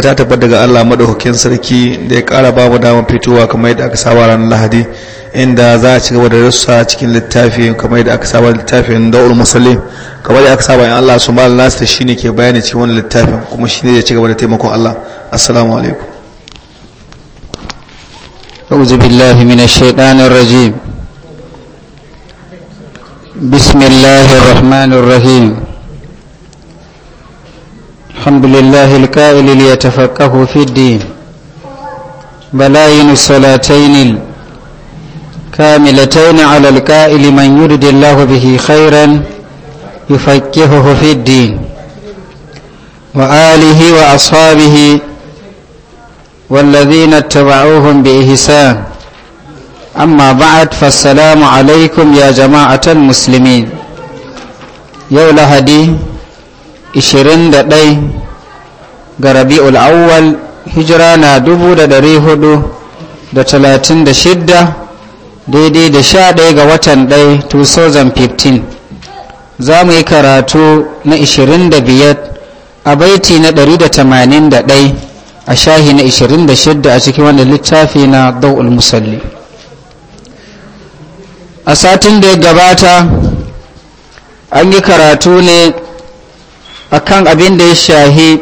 da ta tabbata daga Allah madaukakin sarki da ya kara babu damar fitowa kamar yadda aka saba ranar Lahadi inda za a ci gaba da rusa cikin littafi kamar yadda aka saba littafin Daul musalli kamar yadda aka saba in Allah su wa ta'ala shine ke bayani cikin wannan littafin kuma shine ya ci gaba da taimakon Allah assalamu alaikum أعوذ بالله من الشيطان الرجيم بسم الله الرحمن الرحيم الحمد لله الكائل ليتفقه في الدين بلاين الصلاتين الكاملتين على الكائل من يرد الله به خيرا يفكهه في الدين وآله وأصحابه والذين اتبعوهم بإحسان أما بعد فالسلام عليكم يا جماعة المسلمين يا لهدي 21 ga rabi'ul awwal hijira na 436 daidai da 11 ga watan 1 2015 za mu yi karatu na 25 a baiti na 181 a shahi na 26 a cikin wanda littafi na dau'ul musalli a satin da ya gabata an yi karatu ne akan abin da ya shahi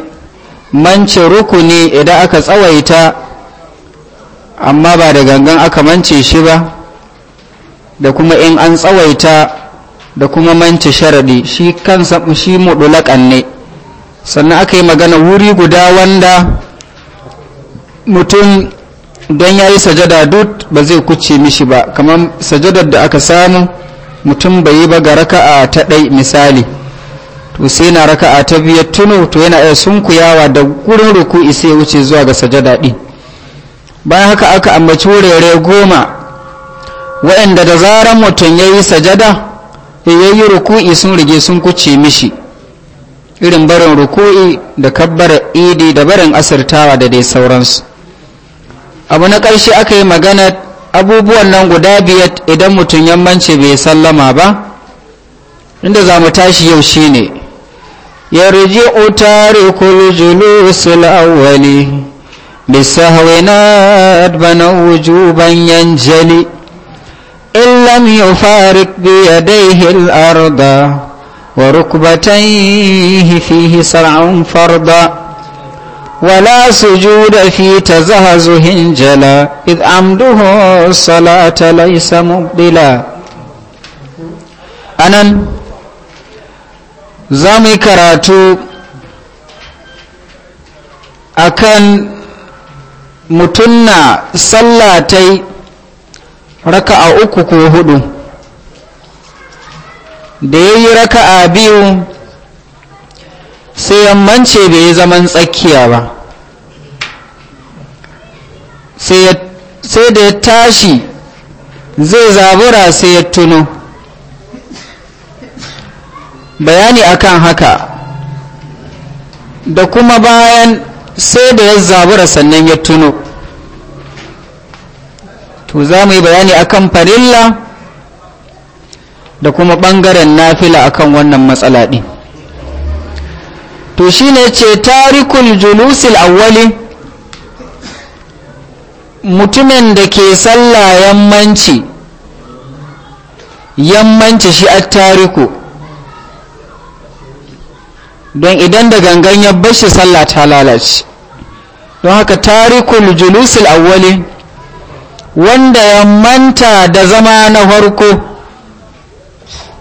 mance rukuni idan aka tsawaita amma ba da gangan aka mance shi ba da kuma in an tsawaita da kuma mance sharadi shi kansa shi mudulakan ne sannan aka yi magana wuri guda wanda mutum don ya yi sajada duk ba zai kuce mishi ba kamar sajadar da aka samu mutum bai yi ba ga raka'a ta ɗai misali to sai na raka'a ta biyar tuno to yana iya sunkuyawa da gurin ruku'i sai wuce zuwa ga sajada din bayan haka aka ambaci wurare goma waɗanda da zaran mutum ya yi sajada ya yi ruku'i sun rige sun kuce mishi irin barin ruku'i da kabbar idi da barin asirtawa da dai sauransu abu na ƙarshe aka yi magana abubuwan nan guda biyar idan mutum yammanci bai sallama ba inda za mu tashi yau shine يرجع تارك الجلوس الأول بالسهو نادبا وجوبا ينجلي إن لم يفارق بيديه الأرض وركبتيه فيه سرع فرضا ولا سجود في تزهزه جلا إذ عمده الصلاة ليس مبدلا أنا za mu yi karatu a kan mutunna sallatai raka uku ko hudu da ya yi raka a biyu sai yammance da ya zaman tsakiya ba sai da ya tashi zai zabura sai ya tuno bayani akan haka da kuma bayan sai da ya zabura sannan ya tuno to za mu yi bayani akan farilla da kuma ɓangaren nafila akan wannan matsala din to shine ne ce tarikul julusil awwali mutumin da ke sallah yammanci yammanci shi a tariku don idan da gangan ya bashi sallah ta lalace don haka tarikul julusul awwali wanda ya manta da zama na farko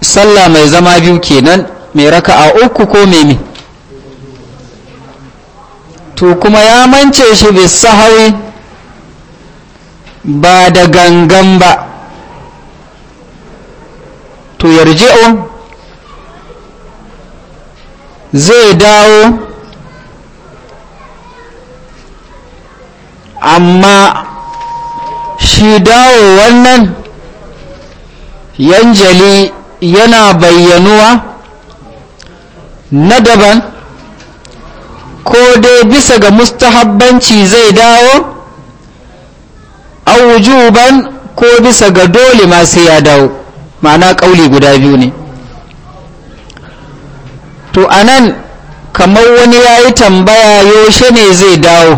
sallah mai zama biyu kenan mai raka'a uku ko meme to kuma ya mance shi bai sahawi ba da gangan ba to yarji'un zai dawo amma shi dawo wannan yanjali yana bayyanuwa na daban ko dai bisa ga mustahabbanci zai dawo wujuban ko bisa ga dole ma sai ya dawo ma'ana ƙauli guda biyu ne to a nan kamar wani ya yi tambaya yaushe ne zai dawo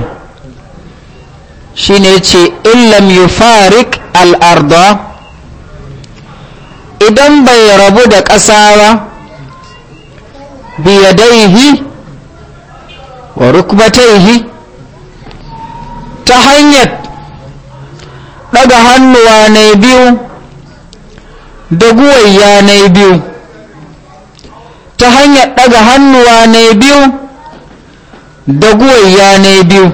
shine ce illam yufarik al'arda idan bai rabu da ƙasa ba biyadaihi wa rukbataihi ta hanyar daga hannuwa na biyu da guwayya na biyu ta hanyar ɗaga hannuwa na biyu da guwayya ne biyu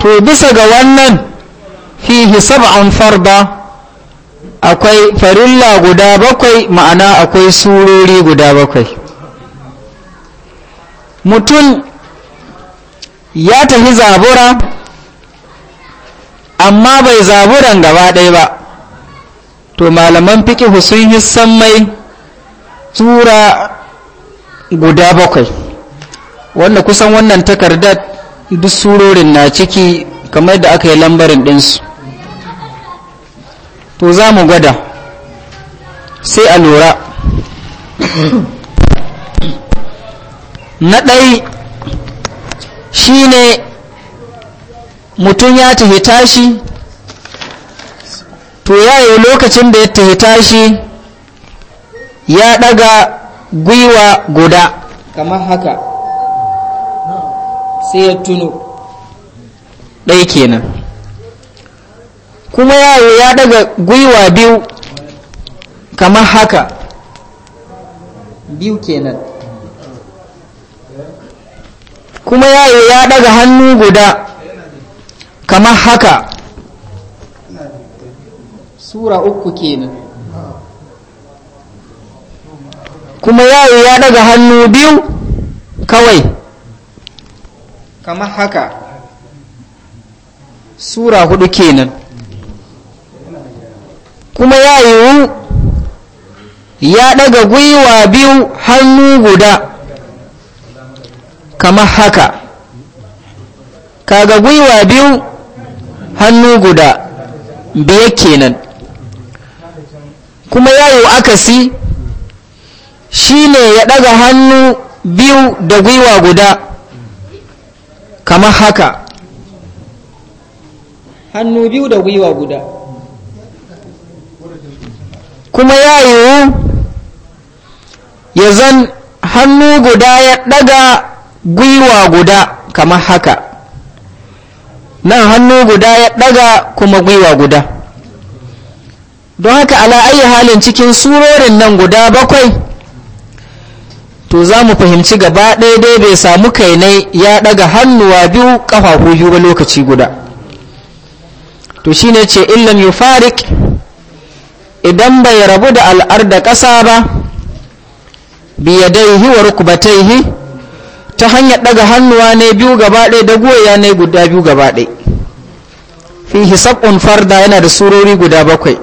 to bisa ga wannan fihi sab'an farda akwai farilla guda bakwai ma'ana akwai surori guda bakwai mutum ya tafi zabura amma bai zaburan gaba ɗaya ba to malaman fikihu sun yi mai sura guda bakwai wanda kusan wannan takardar duk surorin na ciki kamar da aka yi lambarin ɗinsu to za mu gwada sai a lura na ɗai shi ne mutum ya tafi tashi to ya yi lokacin da ya tafi tashi ya daga gwiwa guda kamar haka sai ya tuno ɗaya kenan kuma yawo ya daga gwiwa biyu kamar haka biyu kenan kuma yawo ya daga hannu guda kamar haka sura uku kenan kuma yaro ya daga hannu biyu kawai kamar haka sura hudu kenan kuma ya yiwu ya daga gwiwa biyu hannu guda kamar haka kaga gwiwa biyu hannu guda biyar kenan kuma ya yiwu akasi shine ya ɗaga hannu biyu da gwiwa guda kamar haka hannu biyu da gwiwa guda kuma ya yiwu ya zan hannu guda ya ɗaga gwiwa guda kamar haka nan hannu guda ya ɗaga kuma gwiwa guda don haka ala ayi halin cikin surorin nan guda bakwai to za mu fahimci gaba ɗaya dai bai samu kainai ya ɗaga hannuwa biyu ƙafafu biyu ba lokaci guda to shi ne ce illam yu farik idan bai rabu da al'ar da ƙasa ba biyadaihi wa rukbataihi ta hanyar ɗaga hannuwa ne biyu gaba ɗaya da goya ne guda biyu gaba ɗaya fi hisabun farda yana da surori guda bakwai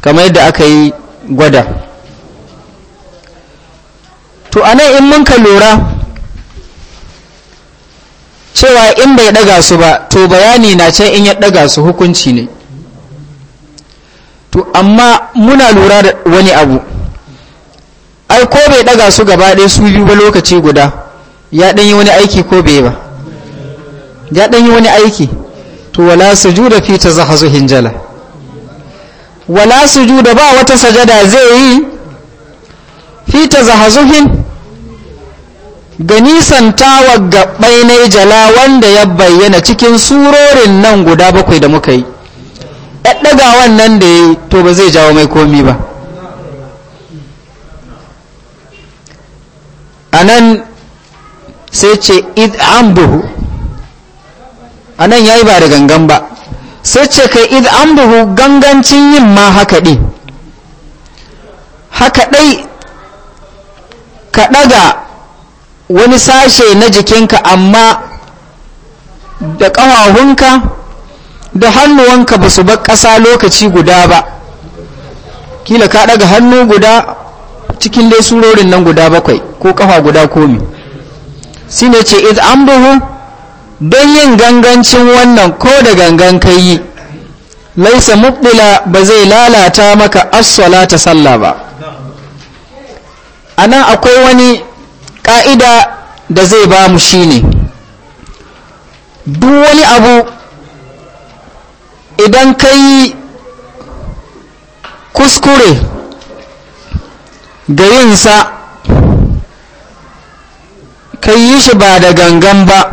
kamar yadda aka yi gwada to a nan in mun ka lura cewa in bai daga su ba to bayani na can in ya daga su hukunci ne to amma muna lura da wani abu ai ko bai daga su gaba ɗaya su biyu ba lokaci guda ya ɗanyi wani aiki ko bai ba ya ɗanyi wani aiki to wala su ju da fita za hazo hinjala wala su ju da ba wata sajada zai yi fita za hazo hinjala ga nisantawa ga na jala wanda ya bayyana cikin surorin nan guda bakwai da muka yi ɗaɗɗaga wannan da ya yi to ba zai jawo mai komi ba a nan sai ce id buhu a nan ya yi ba da gangan ba sai ce kai id buhu gangancin yin ma haka ɗi haka ɗai ka ɗaga wani sashe na jikinka amma da ƙawahunka da hannuwanka ba su ba ƙasa lokaci guda ba kila ka ɗaga hannu guda cikin dai surorin nan guda bakwai ko ƙafa guda komi shi ne ce it an buhu don yin gangancin wannan ko da gangan kai yi laisa mubbila ba zai lalata maka assola ta sallah ba a akwai wani ƙa'ida da zai ba mu shine duk wani abu idan ka yi kuskure ga yinsa ka yi shi ba da gangan ba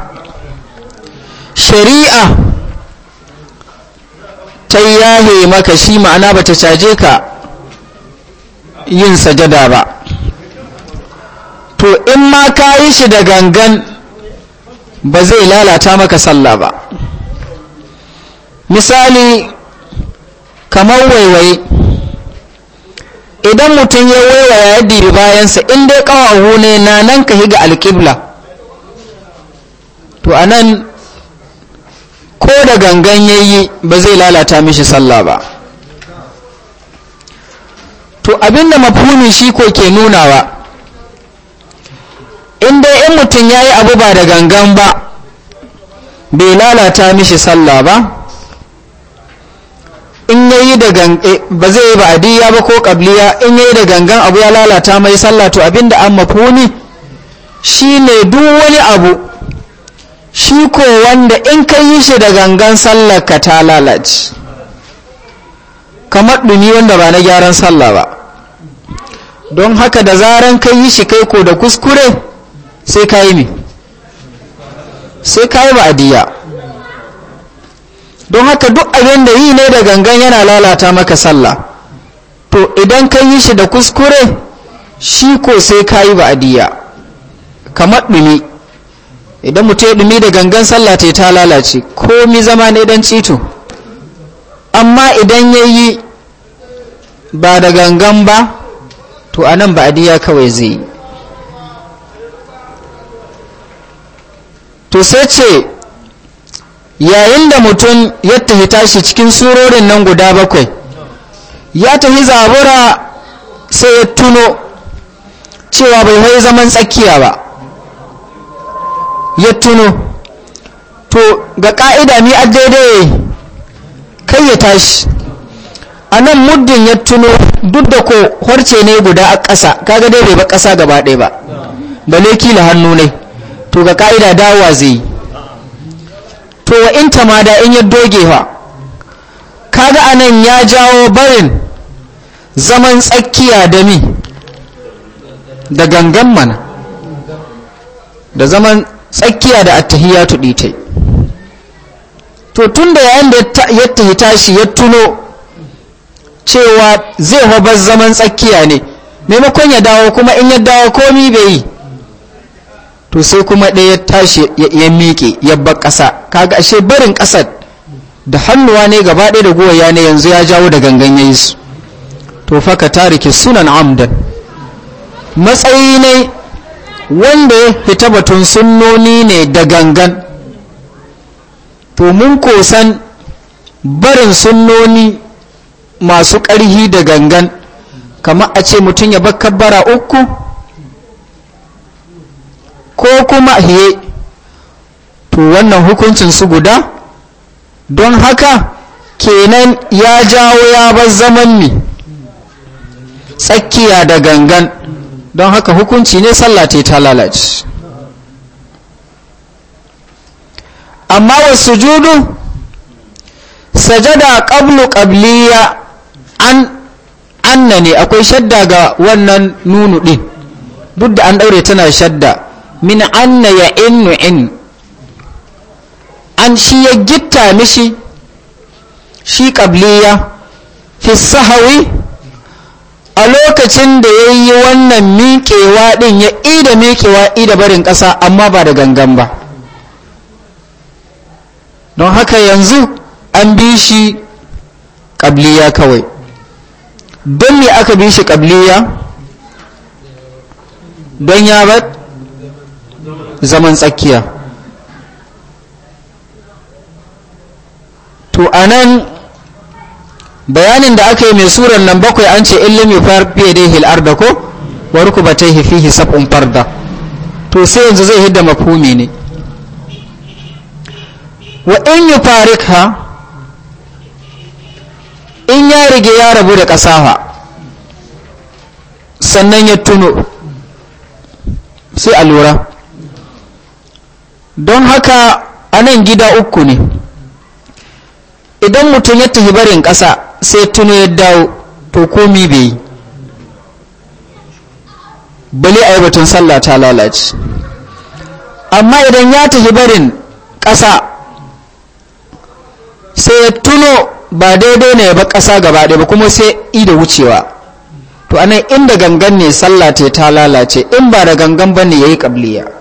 shari'a ta yahe maka shi ma'ana ba ta caje ka yin sajada ba to in ma ka yi shi da gangan ba zai lalata maka sallah ba misali kamar waiwaye idan mutum ya waiwaya ya diri bayansa in dai abu ne na nan ka higa alkibla to a nan ko da gangan ya yi ba zai lalata mishi sallah ba to abinda mafuni shi ko ke nunawa in dai in mutum ya yi abu ba da gangan ba bai lalata mishi sallah ba in ya yi da gangan eh, ba zai yi ba adiya ba ko kabliya in ya yi da gangan abu ya lalata mai sallah to abinda an mafuni shi ne duk wani abu shi ko wanda in ka yi shi da gangan sallar ka ta lalace kamar ɗumi wanda ba na gyaran sallah ba don haka da zaran ka yi shi kai ko da kuskure sai ka yi ne sai ka yi ba'adiyya don haka duk abin da yi ne da gangan yana lalata maka sallah to idan ka yi shi da kuskure shi ko sai ka yi ba'adiyya kamar ɗumi idan mutu ya ɗumi da gangan sallah ta yi ta lalace komi zama ne don cito amma idan ya yi ba da gangan ba to a nan ba'adiyya kawai zai yi to sai ce yayin da mutum ya tahi tashi cikin surorin nan guda bakwai ya tahi zabura sai ya tuno cewa bai hai zaman tsakiya ba ya tuno to ga ƙa'ida ni a daidai kai ya tashi a nan muddin ya tuno duk da ko horce ne guda a ƙasa kaga dai bai ba ƙasa gaba ɗaya ba balle kila hannu ne to ga ka'ida dawowa zai to wa in mada in ya doge fa kaga anan ya jawo barin zaman tsakiya da mi da gangan mana da zaman tsakiya da attahiyatu yi. to tun da yayin da ya tahita tashi ya tuno cewa zai hobar zaman tsakiya ne maimakon ya dawo kuma in ya dawo komi bai yi to sai kuma ɗaya ya tashi ya miƙe ya bar ƙasa kaga ashe barin ƙasar da hannuwa ne gaba ɗaya da goya ne yanzu ya jawo da gangan ya yi su to fa faka tariki sunan amdan matsayi ne wanda ya fita batun sunnoni ne da gangan to mun kosan barin sunnoni masu ƙarhi da gangan kamar a ce mutum ya bar kabbara uku ko kuma hiye to wannan hukuncin su guda don haka kenan ya jawo ya bar zaman ne tsakiya da gangan don haka hukunci ne sallah ta lalace amma wasu judu sajada ƙablu qabliya an anna ne akwai shadda ga wannan nunu ɗin duk da an daure tana shadda min anna ya innu in an shi ya gitta mishi shi ƙabliya fi sahawi a lokacin da ya yi wannan miƙewa ɗin ya ida miƙewa ida barin ƙasa amma ba da gangan ba don haka yanzu an bi shi ƙabliya kawai don me aka bi shi ƙabliya don ya bar zaman tsakiya to anan bayanin da aka yi mai surar nan bakwai an ce ilimi farfiye dai hil'ar da ko ta yi fihi sab'un farda to sai yanzu zai hidda mafumi ne wa in yi ha in ya rige ya rabu da kasaha sannan ya tuno sai a lura don haka a nan gida uku ne idan mutum ya tafi barin ƙasa sai tuno ya dawo to komi bai yi bale a yi batun sallah ta lalace amma idan ya tafi barin ƙasa sai ya tuno ba daidai ne ba ƙasa gaba ɗaya ba kuma sai i da wucewa to anan inda gangan ne sallah ta lalace in ba da gangan ba ne ya yi ƙabliya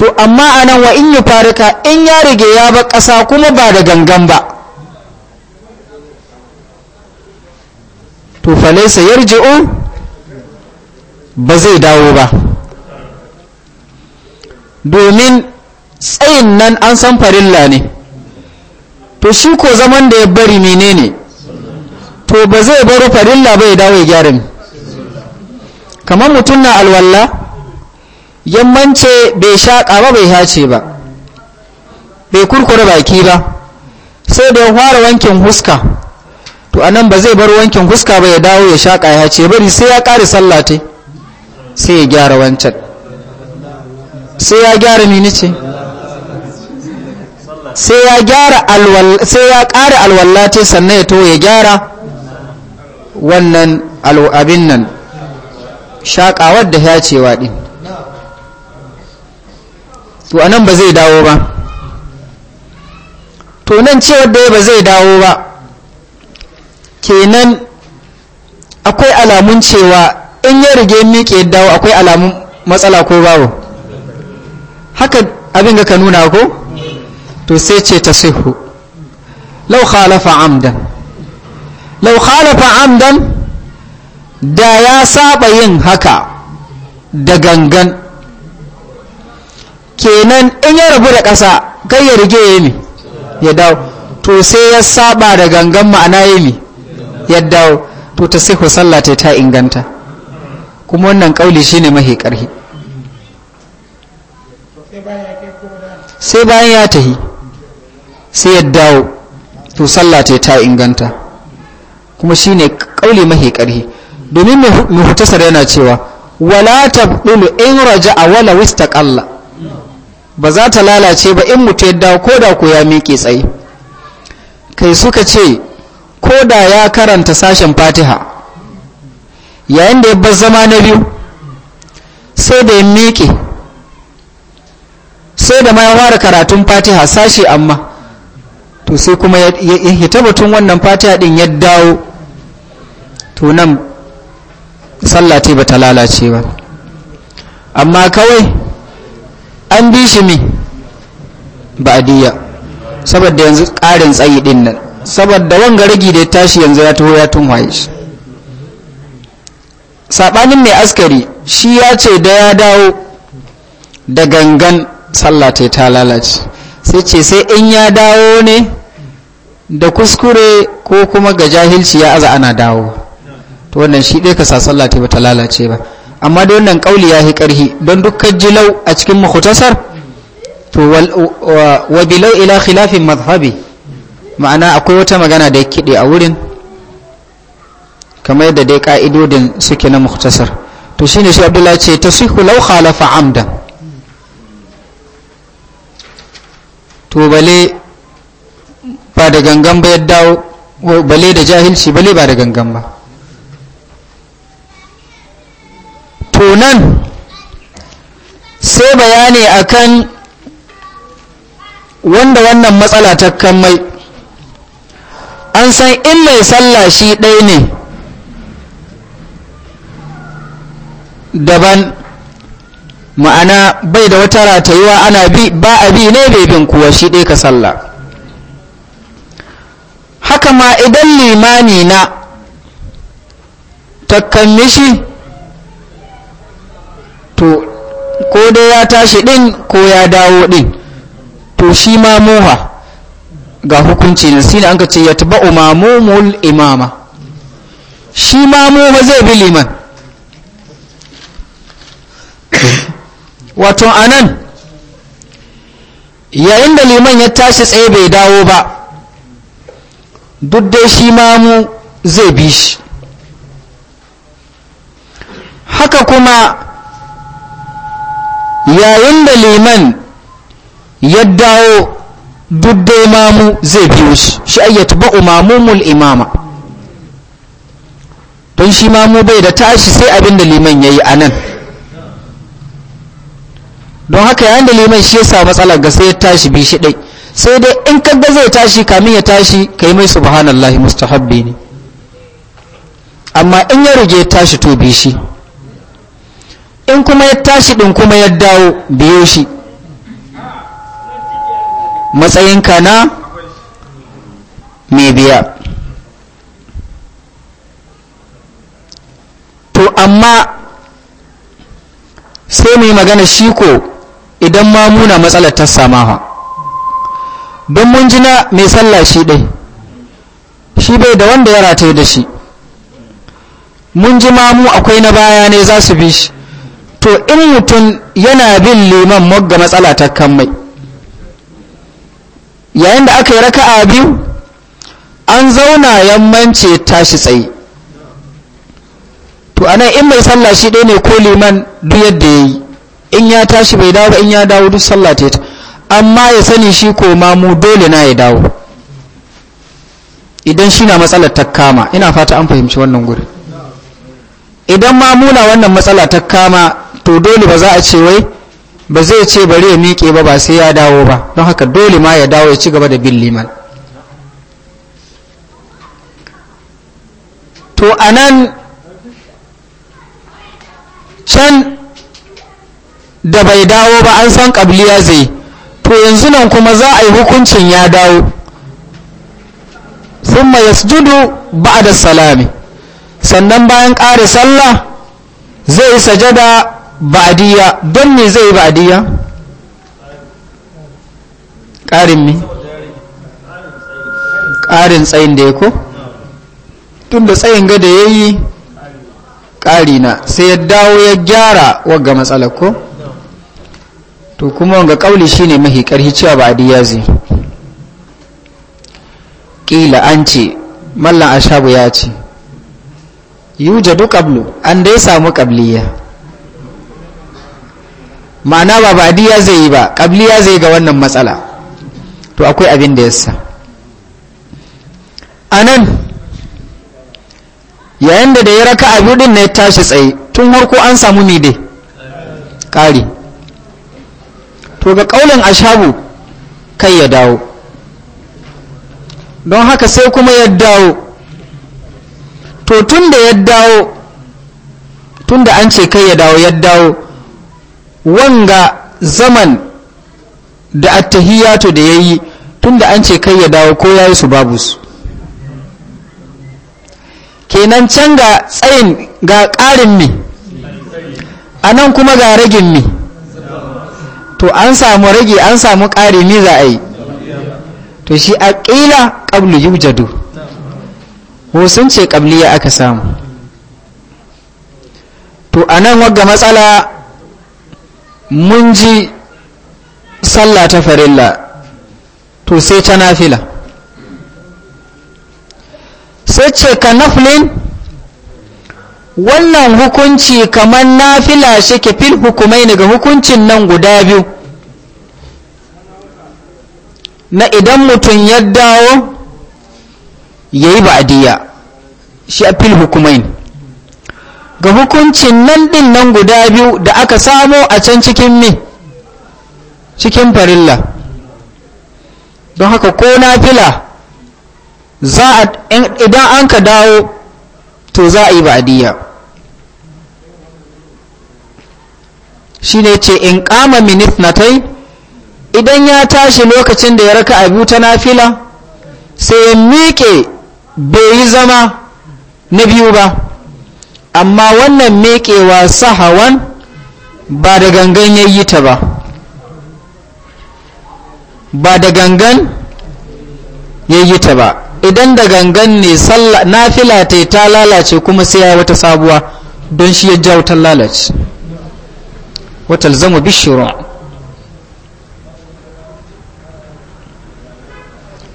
to amma a nan wa in yi farika in ya rage ya ba ƙasa kuma ba da gangan ba to falaisa yarji'u ba zai dawo ba domin tsayin nan an san farilla ne to shi ko zaman da ya bari menene to ba zai bari farilla ba ya dawo ya gyara kamar mutum na alwallah yammance bai shaƙa ba bai hace ba bai kurkure baki ba sai da ya fara wankin huska to anan ba zai bar wankin huska ba ya dawo ya shaƙa ya hace bari sai ya ƙare sallate sai ya gyara wancan sai ya gyara mini ce sai ya gyara sai ya ƙare alwallate sannan ya to ya gyara wannan abin nan shaƙawar da ya cewa ɗin to a nan ba zai dawo ba to nan cewar da ba zai dawo ba kenan akwai alamun cewa in ya rige miƙe ya dawo akwai alamun matsala ko bawo haka abin ga ka nuna ko to sai ce ta sihu lau khalafa amdan lau khalafa amdan da ya saba yin haka da gangan kenan in ya rabu da ƙasa kai ya rige ya yi ya dawo to sai ya saba da gangan ma'ana ya yi ya dawo to ta sai sallah ta ta inganta kuma wannan shi ne mahi ƙarfi, sai bayan ya tahi sai ya dawo to sallah ta ta inganta kuma shi ne ƙauli mahi ƙarfi, domin mai hutasar yana cewa wala ta ɗulu in a wala ƙalla ba za ta lalace ba in mutu ya dawo ko da ku ya miƙe tsaye kai suka ce ko da ya karanta sashen fatiha yayin da ya bar zama na biyu sai da ya miƙe sai da ma ya fara karatun fatiha sashe amma to sai kuma ya hita batun wannan fatiha din ya dawo to nan sallate ba ta lalace ba amma kawai an bi shi mi ba'adiyya saboda yanzu ƙarin tsayi din nan saboda wanga ragi da ya tashi yanzu ya taho ya waye shi saɓanin mai askari shi ya ce da ya dawo da gangan sallah ta lalace sai ce sai in ya dawo ne da kuskure ko kuma ga jahilci ya aza ana dawo to wannan shi ɗaya ka sa ta ba ta lalace ba amma da wannan kauli ya yi karhi don dukkan jilau a cikin mukhtasar to wa bilau ila khilafin madhhabi ma'ana akwai wata magana da ya kide a wurin kamar yadda dai ka'idodin suke na mukhtasar to shine shi abdullahi ce tasihu law khalafa amdan to bale ba da gangan ba ya dawo bale da jahilci bale ba da gangan ba to nan sai bayani akan wanda wannan matsala ta kammai an san in mai sallah shi ɗaya ne daban ma'ana bai da wata ratayuwa ana bi ba a bi ne bai bin kuwa shi ɗaya ka sallah haka ma idan limani na takammi shi to ko dai ya tashi din ko ya dawo din to shi ma moha ga hukunci ne shine an ka ce ya taba umamumul imama shi ma moha zai bi liman wato anan yayin da liman ya tashi tsaye bai dawo ba duk dai shi ma mu zai bi shi haka kuma yayin da liman ya dawo dudde mamu zai biyu shi shi ayyatu ba'u imama don shi mamu bai da tashi sai abin da liman ya yi a nan don haka yayin da liman shi ya sa matsala ga sai ya tashi bi shi ɗai sai dai in ga zai tashi kamin ya tashi ka yi mai subhanallahi mustahabbi ne amma in ya rige tashi to bi shi in kuma ya tashi ɗin kuma ya dawo biyo shi matsayinka na mai biya to amma sai mu magana shi ko idan ma muna matsalar ta samawa don mun jina mai sallah shi ɗai shi bai da wanda ya rataye da shi mun ji mamu akwai na baya ne za su bi shi to in mutum yana bin liman mogga matsala ta kan mai yayin da aka yi raka'a biyu an zauna yammance tashi tsaye to ana in mai sallah shi ɗaya ne ko liman duk yadda ya yi in ya tashi bai dawo ba in ya dawo duk sallah ta amma ya sani shi ko mamu dole na ya dawo idan shi na matsalar ta kama ina fata an fahimci wannan guri idan mamuna wannan matsala ta kama to dole ba za a ce wai ba zai ce bari ya miƙe ba ba sai ya dawo ba don haka dole ma ya dawo ya ci gaba da bin liman to a nan can da bai dawo ba an san ƙabliya zai to yanzu nan kuma za a yi hukuncin ya dawo thumma yasjudu da salami sannan bayan ƙare sallah zai sajada ba'adiyya don me zai ba'adiyya ƙarin me ƙarin tsayin da ya ko tun da tsayin ga da ya yi ƙari na sai ya dawo ya gyara wagga matsalar ko to kuma wanga ƙauli shi ne mahi ƙarfi cewa ba'adiyya zai ƙila an ce mallan ashabu ya ce duk ƙablu an dai samu ƙabliya ma'ana ba ba ba'diya zai yi ba ya zai ga wannan matsala to akwai abin da a anan yayin da da ya raka abu din ne tashi tsaye tun harko an samu mi dai ƙari to ga ƙaunin ashabu kai ya dawo don haka sai kuma ya dawo to tun da ya dawo tun da an ce kai ya dawo ya dawo wanga zaman da attahiyatu da yayi tunda an ce kai ya dawo ko yayi su babu su kenan can ga tsayin ga ƙarin mi a nan kuma ga ragin mi to an samu rage an samu ƙari mi za a yi to shi a ƙila ƙablu jadu sun ce ƙabliya aka samu to a nan wagga matsala mun ji sallah ta farilla to sai ta nafila sai ce ka naflin wannan hukunci kamar nafila shi ke fil hukumai daga hukuncin nan guda biyu na idan mutum ya dawo ya yi ba'adiyya shi a fil hukumai ga hukuncin nan din nan guda biyu da aka samo a can cikin min cikin farilla don haka ko na fila za a idan an ka dawo to za a yi ba'adiyya shi ne ce in kama minis na tai idan ya tashi lokacin da ya raka a biyu ta nafila sai ya miƙe bai yi zama na biyu ba amma wannan mekewa sahawan ba da gangan ya yi ta ba ba da gangan ya yi ta ba idan da gangan ne na filata ta lalace kuma sai ya wata sabuwa don shi ya ja wutar lalace watal zama bishiru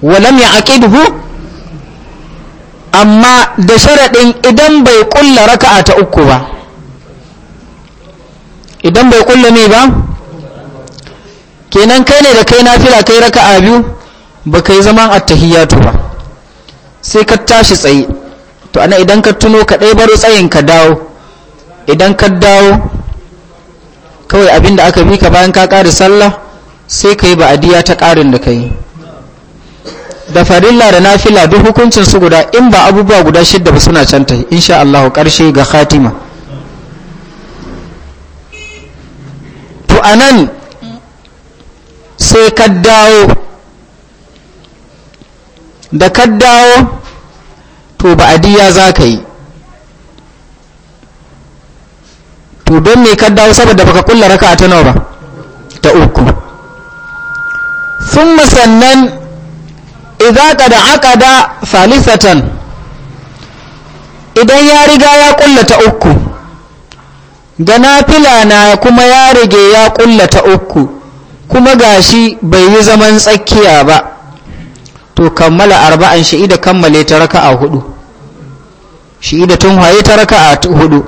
walam ya aƙidhu amma da sharaɗin idan bai kulla raka'a ta uku ba idan bai kulla ne ba kenan kai ne da kai nafila kai raka'a biyu ba kai zaman attahiyatu ba sai ka tashi tsaye to ana idan ka tuno ka ɗai baro tsayin ka dawo idan ka dawo kawai abinda aka bi ka bayan ka ƙari sallah sai ka yi ba'adiyya ta ƙarin da ka yi da farilla da nafila duk hukuncin su guda in ba abubuwa guda shidda ba suna canta insha Allah karshe ga khatima to anan sai kaddawo da kaddawo to to adiya za ka yi to don me kaddawo saboda baka kulla raka ta nawa ba ta uku sun sannan idza qada aqada salisatan idan ya riga ya kullata uku ga nafila na kuma ya rige ya kullata uku kuma gashi bai yi zaman tsakiya ba to kammala arba'an shi shi'ida kammale ta raka'a hudu shi shi'ida tun haye ta raka'a hudu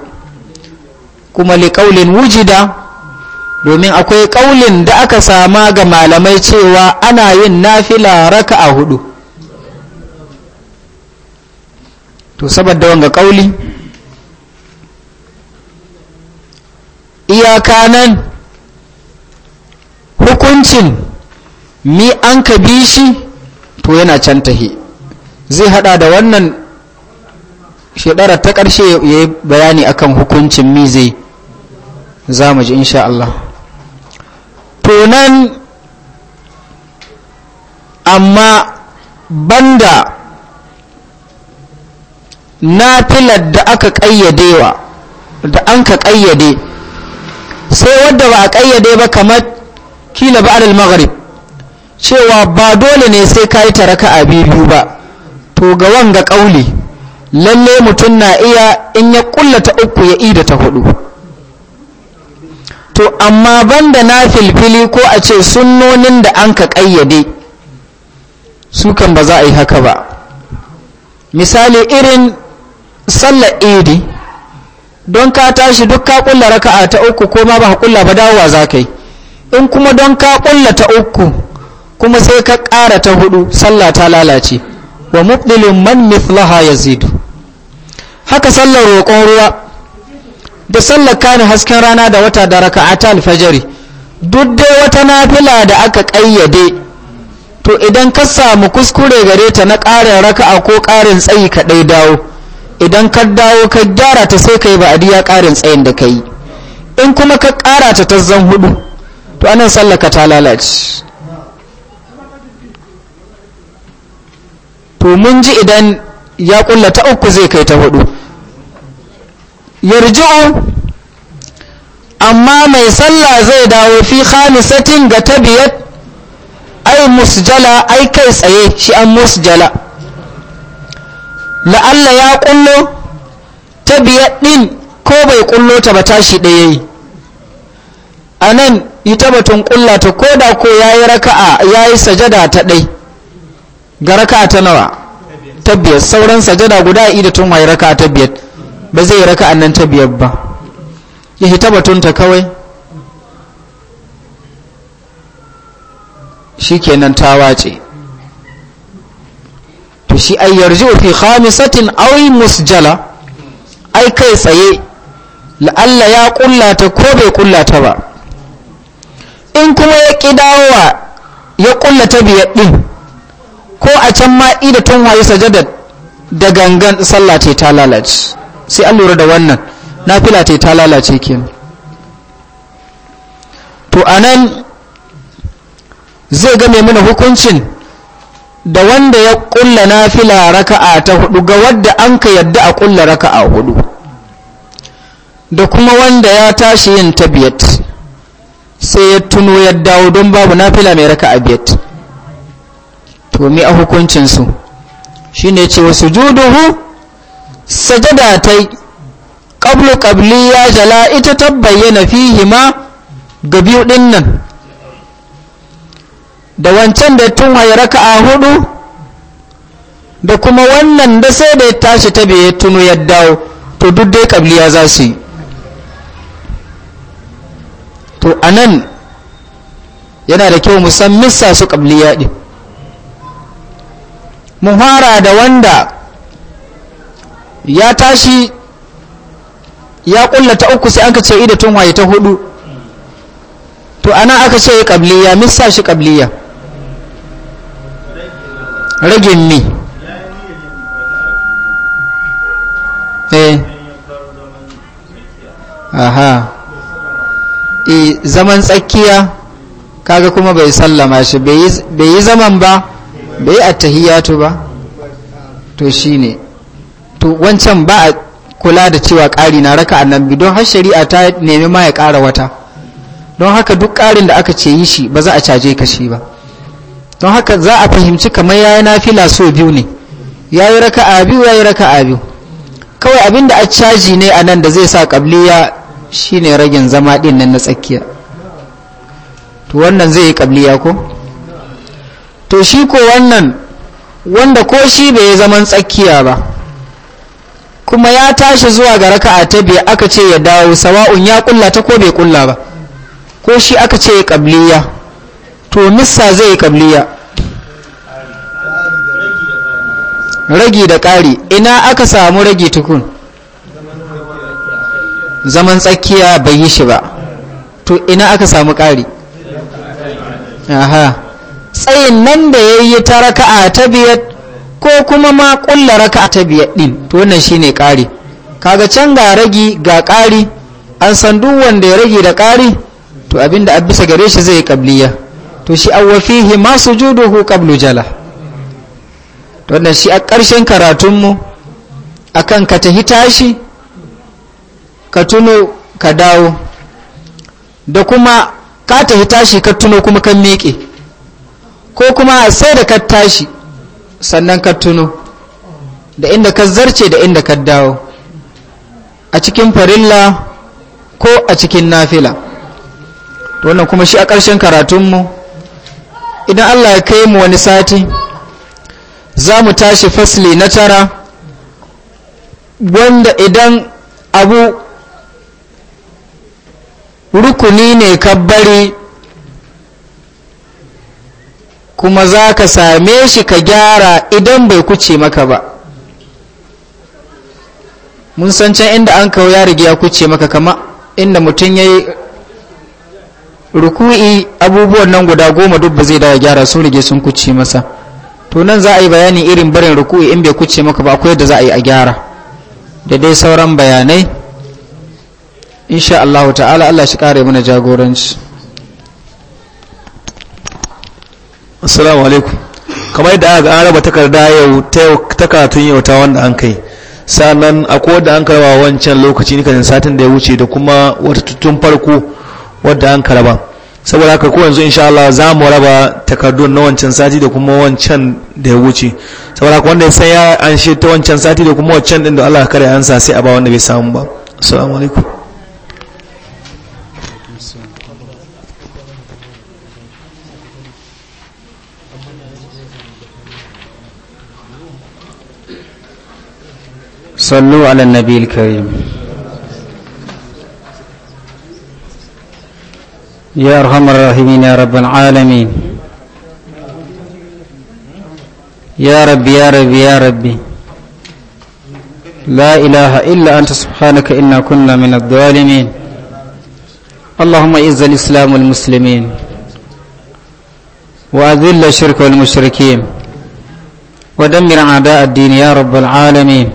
kuma qaulin wujida domin akwai ƙaulin da aka sama ga malamai cewa ana yin nafila raka a hudu to saboda wanga ƙauli iyaka nan hukuncin mi an ka bi shi to yana can tahi zai hada da wannan shekara ta ƙarshe ya yi bayani akan hukuncin mi zai za ji insha Allah to nan amma banda nafilar da aka ƙayyadewa da an ka ƙayyade sai wadda ba a ƙayyade ba kamar kila ba alal maghrib cewa ba dole ne sai ka yi taraka a biyu ba to ga wanga ƙauli lalle mutum na iya in ya ƙulla uku ya ida ta hudu to amma banda na filfili ko a ce sunnonin da an ka ƙayyade su kan ba za a yi haka ba misali irin sallar idi don ka tashi duk ka kulla raka'a ta uku ko ma ba kulla ba dawowa za ka yi in kuma don ka kulla ta uku kuma sai ka ƙara ta hudu sallah ta lalace wa mubdilun man mithlaha yazidu haka sallar roƙon ruwa da sallar kani hasken rana da wata da raka'ata alfajari duk dai wata nafila da aka ƙayyade to idan ka samu kuskure gare ta na ƙarin raka'a ko ƙarin tsayi ka ɗai dawo idan ka dawo ka gyara ta sai ka yi ba'adiyya ƙarin tsayin da ka yi in kuma ka ƙara ta tazzan hudu to anan sallar ka ta lalace to mun ji idan ya ƙulla ta uku zai kai ta hudu yarji'u amma mai sallah zai dawo fi khamisatin ga tabiyat ay musjala ai kai tsaye shi an musjala la'alla ya kullo tabiyat din ko bai kullo ta ba tashi ɗaya yi a nan yi ta batun kulla ta koda ko ya yi raka'a ya yi sajada ta ɗai ga raka'a ta nawa ta sauran sajada guda idatun waye raka'a ta ba zai raka nan ta biyar ba ya hita batunta kawai shi kenan ta wace to shi ai yarji fi khamisatin awi musjala ai kai tsaye la'alla ya kullata ko bai kullata ba in kuma ya kidawa ya kullata biyar din ko a can ma tun waye sajadar da gangan sallah ta lalace sai an lura da wannan nafila ta ta lalace ke to a nan zai game mana hukuncin da wanda ya kulla nafila a ta hudu ga wadda an ka yadda a kulla raka a hudu da kuma wanda ya tashi yin biyat sai ya tuno ya dawo don babu nafila mai raka a biyat to mi a hukuncinsu shine ce wasu sujuduhu sajada ta yi ƙablu ƙabli ya jala ita ta bayyana fihima ga biyu ɗin nan da wancan da tun haye raka'a hudu da kuma wannan da sai da ya tashi ta biye tunu ya dawo to duk dai ƙabliya za su yi to a nan yana da kyau musamman su ƙabliya ɗin mu fara da wanda ya tashi ya kulla ta uku sai aka ce ida tun waye ta hudu to ana aka ce kabliya misa shi kabliya ragin ni eh aha e zaman tsakiya kaga kuma bai sallama shi bai yi zaman ba bai yi attahiyatu ba to shine to wancan ba a kula da cewa ƙari na raka annan bi don har shari'a ta nemi ma ya ƙara wata don haka duk ƙarin da aka ce yi shi ba za a caje ka shi ba don haka za a fahimci kamar yayi nafila so biyu ne yayi a biyu yayi a biyu kawai abinda a caji ne a nan da zai sa kabliya shine ragin zama din nan na tsakiya to wannan zai yi kabliya ko to shi ko wannan wanda ko shi bai zaman tsakiya ba kuma ya tashi zuwa ga raka'a ta biyu aka ce ya dawo sawa'un ya kulla ta ko bai kulla ba ko shi aka ce ya kabliya to missa zai kabliya ragi da ƙari ina aka samu ragi tukun zaman tsakiya bai yi shi ba to ina aka samu ƙari aha tsayin nan da ya yi ta raka'a ta biyar ko kuma ma kulla raka ta biyar din to wannan shine ƙari kaga can ga ragi ga ƙari an san duk wanda ya rage da ƙari to abinda a bisa gare shi zai kabliya to shi awwafihi ma sujuduhu qablu jala to wannan shi a ƙarshen karatun mu akan ka tahi tashi ka tuno ka dawo da kuma ka tahi tashi ka tuno kuma ka miƙe ko kuma sai da ka tashi sannan ka tuno da inda ka zarce da inda ka dawo a cikin farilla ko a cikin nafila to wannan kuma shi a ƙarshen karatunmu idan Allah ya kai mu wani sati za mu tashi fasli na tara wanda idan abu rukuni ne ka bari kuma za ka same shi ka gyara idan bai kuce maka ba mun san can inda an kawo ya riga ya kuce maka kama inda mutum ya yi ruku'i abubuwan nan guda goma duk ba zai dawo gyara sun rige sun kuce masa to nan za a yi bayani irin barin ruku'i in bai kuce maka ba akwai yadda za a yi a gyara da dai sauran bayanai insha Allah ta'ala Allah shi kare mana jagoranci assalamu alaikum kamar yadda aka an raba takarda yau ta katun yau ta wanda an kai sannan akwai da an karaba wancan lokaci ne kan satin da ya wuce da kuma wata tutun farko wadda an karaba saboda haka ko yanzu insha Allah za mu raba takardun na wancan sati da kuma wancan da ya wuce saboda haka wanda ya san ya an shi ta wancan sati da kuma wancan din da Allah kare sa sai a ba wanda bai samu ba assalamu alaikum صلوا على النبي الكريم يا أرحم الراحمين يا رب العالمين يا ربي يا ربي يا ربي لا إله إلا أنت سبحانك إنا كنا من الظالمين اللهم إز الإسلام والمسلمين وأذل الشرك والمشركين ودمر أعداء الدين يا رب العالمين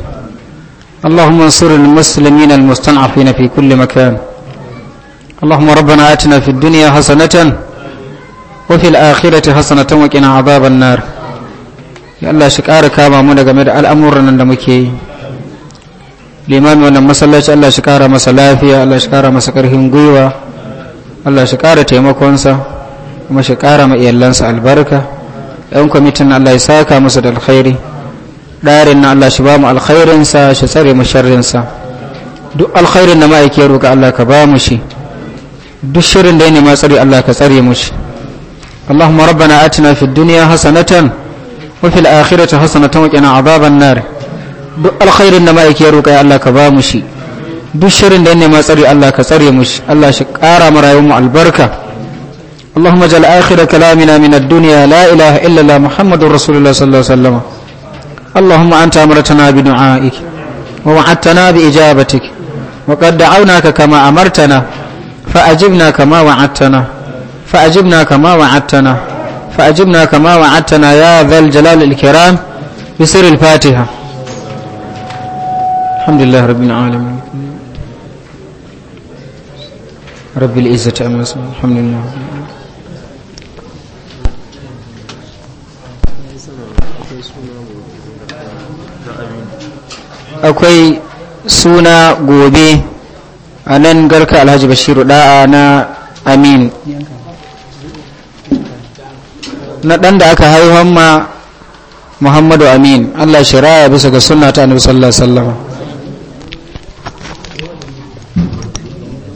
اللهم انصر المسلمين المستضعفين في كل مكان اللهم ربنا آتنا في الدنيا حسنة وفي الآخرة حسنة وقنا عذاب النار ya Allah shi ƙara kama mu daga mai da al'amuran nan da muke yi limamin wannan masallaci Allah shi ƙara masa lafiya Allah shi ƙara masa ƙarfin gwiwa Allah shi taimakon sa kuma shi ƙara ma iyalansa albarka ‘yan kwamitin Allah ya saka musu da alkhairi ɗarin na Allah shi ba mu alkhairinsa shi tsare mu sharrinsa duk alkhairin da ma'aikiyar roƙa Allah ka ba mu shi duk shirin da ya nema tsare Allah ka tsare mu shi Allahumma rabbana atina fid dunya hasanatan wa fil akhirati hasanatan wa qina adhaban nar duk alkhairin da ma'aikiyar roƙa Allah ka ba shi duk shirin da ya nema Allah ka mu shi Allah mu albarka اللهم اجعل آخر كلامنا من الدنيا لا إله إلا الله محمد رسول الله صلى الله عليه وسلم اللهم أنت أمرتنا بدعائك ووعدتنا بإجابتك وقد دعوناك كما أمرتنا فأجبنا كما وعدتنا فأجبنا كما وعدتنا فأجبنا كما وعدتنا يا ذا الجلال الكرام بسر الفاتحة الحمد لله رب العالمين رب العزة أمس الحمد لله akwai suna gobe a nan garka alhaji bashiru da'a na amin na ɗan da aka haihuwan ma muhammadu amin allah shiraya bisa ga suna ta annabi sallallahu alaihi